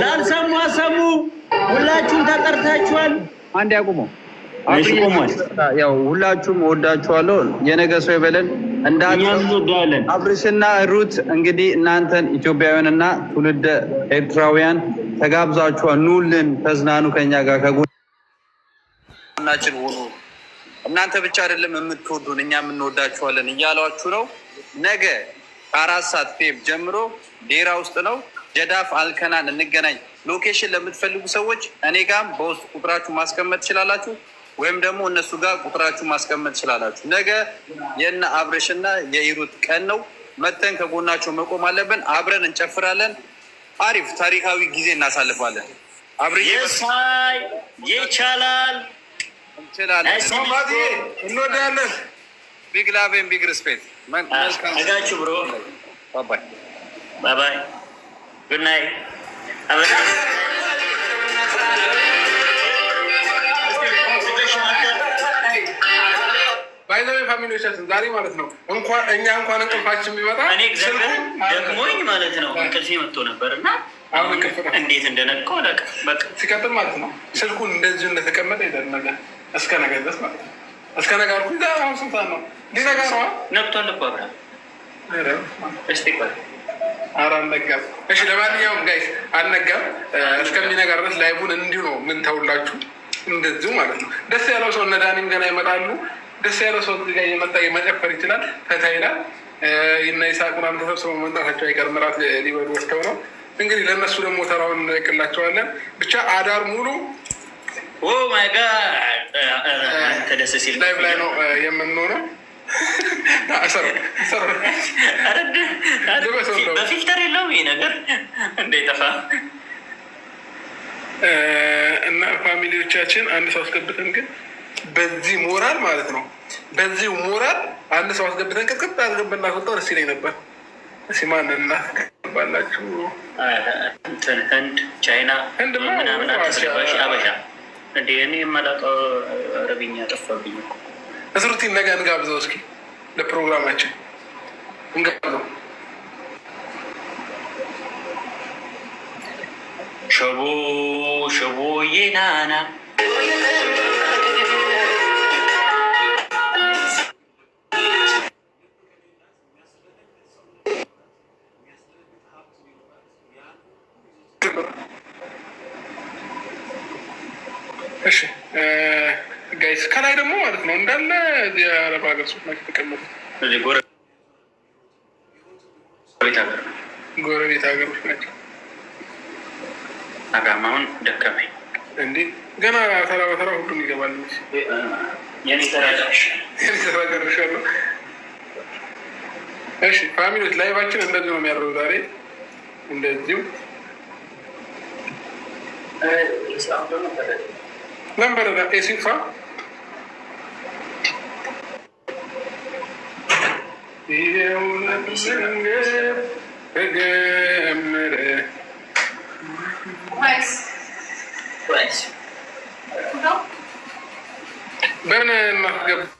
ላልሰሙ አሰሙ። ሁላችሁም ተጠርታችኋል። አንድ ያቁመው ያው ሁላችሁም ወዳችኋለሁ። የነገ ሰው ይበለን። እንዳለን አብርሽና ሩት እንግዲህ እናንተን ኢትዮጵያውያንና ትውልደ ኤርትራውያን ተጋብዛችኋል። ኑልን፣ ተዝናኑ፣ ከኛ ጋር ከጎናችን ሆኑ። እናንተ ብቻ አይደለም የምትወዱን እኛ የምንወዳችኋለን እያሏችሁ ነው። ነገ ከአራት ሰዓት ፌብ ጀምሮ ዴራ ውስጥ ነው። ጀዳፍ አልከናን እንገናኝ። ሎኬሽን ለምትፈልጉ ሰዎች እኔ ጋም በውስጥ ቁጥራችሁ ማስቀመጥ ትችላላችሁ፣ ወይም ደግሞ እነሱ ጋር ቁጥራችሁ ማስቀመጥ ትችላላችሁ። ነገ የነ አብረሽና የሂሩት ቀን ነው። መተን ከጎናቸው መቆም አለብን። አብረን እንጨፍራለን። አሪፍ ታሪካዊ ጊዜ እናሳልፋለን። አብርዬ ይቻላል፣ እንችላለን። እንወዳለን። ቢግ ላቭ ኤንድ ቢግ ሪስፔክት። መልካም good night ባይዘ ፋሚሊዎቻችን ዛሬ ማለት ነው እንኳን እኛ እንኳን እንቅልፋችን ቢመጣ ደግሞኝ ማለት ነው እንቅልፌ መጥቶ ነበር እና አሁን እንዴት እንደነቀው ለቅ ሲቀጥል ማለት ነው ስልኩን እንደዚሁ እንደተቀመጠ ይደነቀ እስከ ነገ ድረስ ማለት ነው። እስከ ነገ አልኩኝ። አሁን ስንት ነው? ዲነጋ ነዋ ነብቷል። እስቲ ቆይ ኧረ አልነጋም። እሺ ለማንኛውም ጋይስ አነጋም። እስከሚነገር ድረስ ላይቡን እንዲሁ ነው ምን ተውላችሁ እንደዚሁ ማለት ነው። ደስ ያለው ሰው እነ ዳኒም ገና ይመጣሉ። ደስ ያለው ሰው ጋ የመጣ የመጨፈር ይችላል። ፈታ ይላል። እና ይስሐቅ ምናምን ተሰብስበው መምጣታቸው አይቀርም። እራት ሊበሉ ወስደው ነው እንግዲህ ለእነሱ ደግሞ ተራውን እንለቅላቸዋለን። ብቻ አዳር ሙሉ ተደስ ሲል ላይ ነው የምንሆነው። ነገር እንደ ጠፋ እና ፋሚሊዎቻችን አንድ ሰው አስገብተን ግን በዚህ ሞራል ማለት ነው። በዚህ ሞራል አንድ ሰው አስገብተን ቅጥቅጥ አስገብና ስወጣው ደስ ይለኝ ነበር። እሺ ማን እናስገባላችሁ? ህንድ፣ ቻይና፣ ህንድ ምናምን አስገባሽ። አበሻ እንደ እኔ የማላውቀው አረብኛ ጠፋብኝ። እስሩቲን ነገ እንጋብዘው እስኪ ለፕሮግራማችን እንጋብዘው። ሸቦ ሸቦ የናና እሺ ጋይስ ከላይ ደግሞ ማለት ነው እንዳለ የአረብ ሀገር ሱፍ ናቸው የተቀመጡ ጎረቤት ሀገሮች ናቸው። አጋማውን ደከመኝ እንዴ ገና ተራ በተራ ሁሉም ይገባል። የኔ ተራ እሺ ፋሚሊዎች ላይቫችን እንደዚህ ነው የሚያደርገው ዛሬ እንደዚሁ ነበረ ኤሲፋ ይሄውን ምን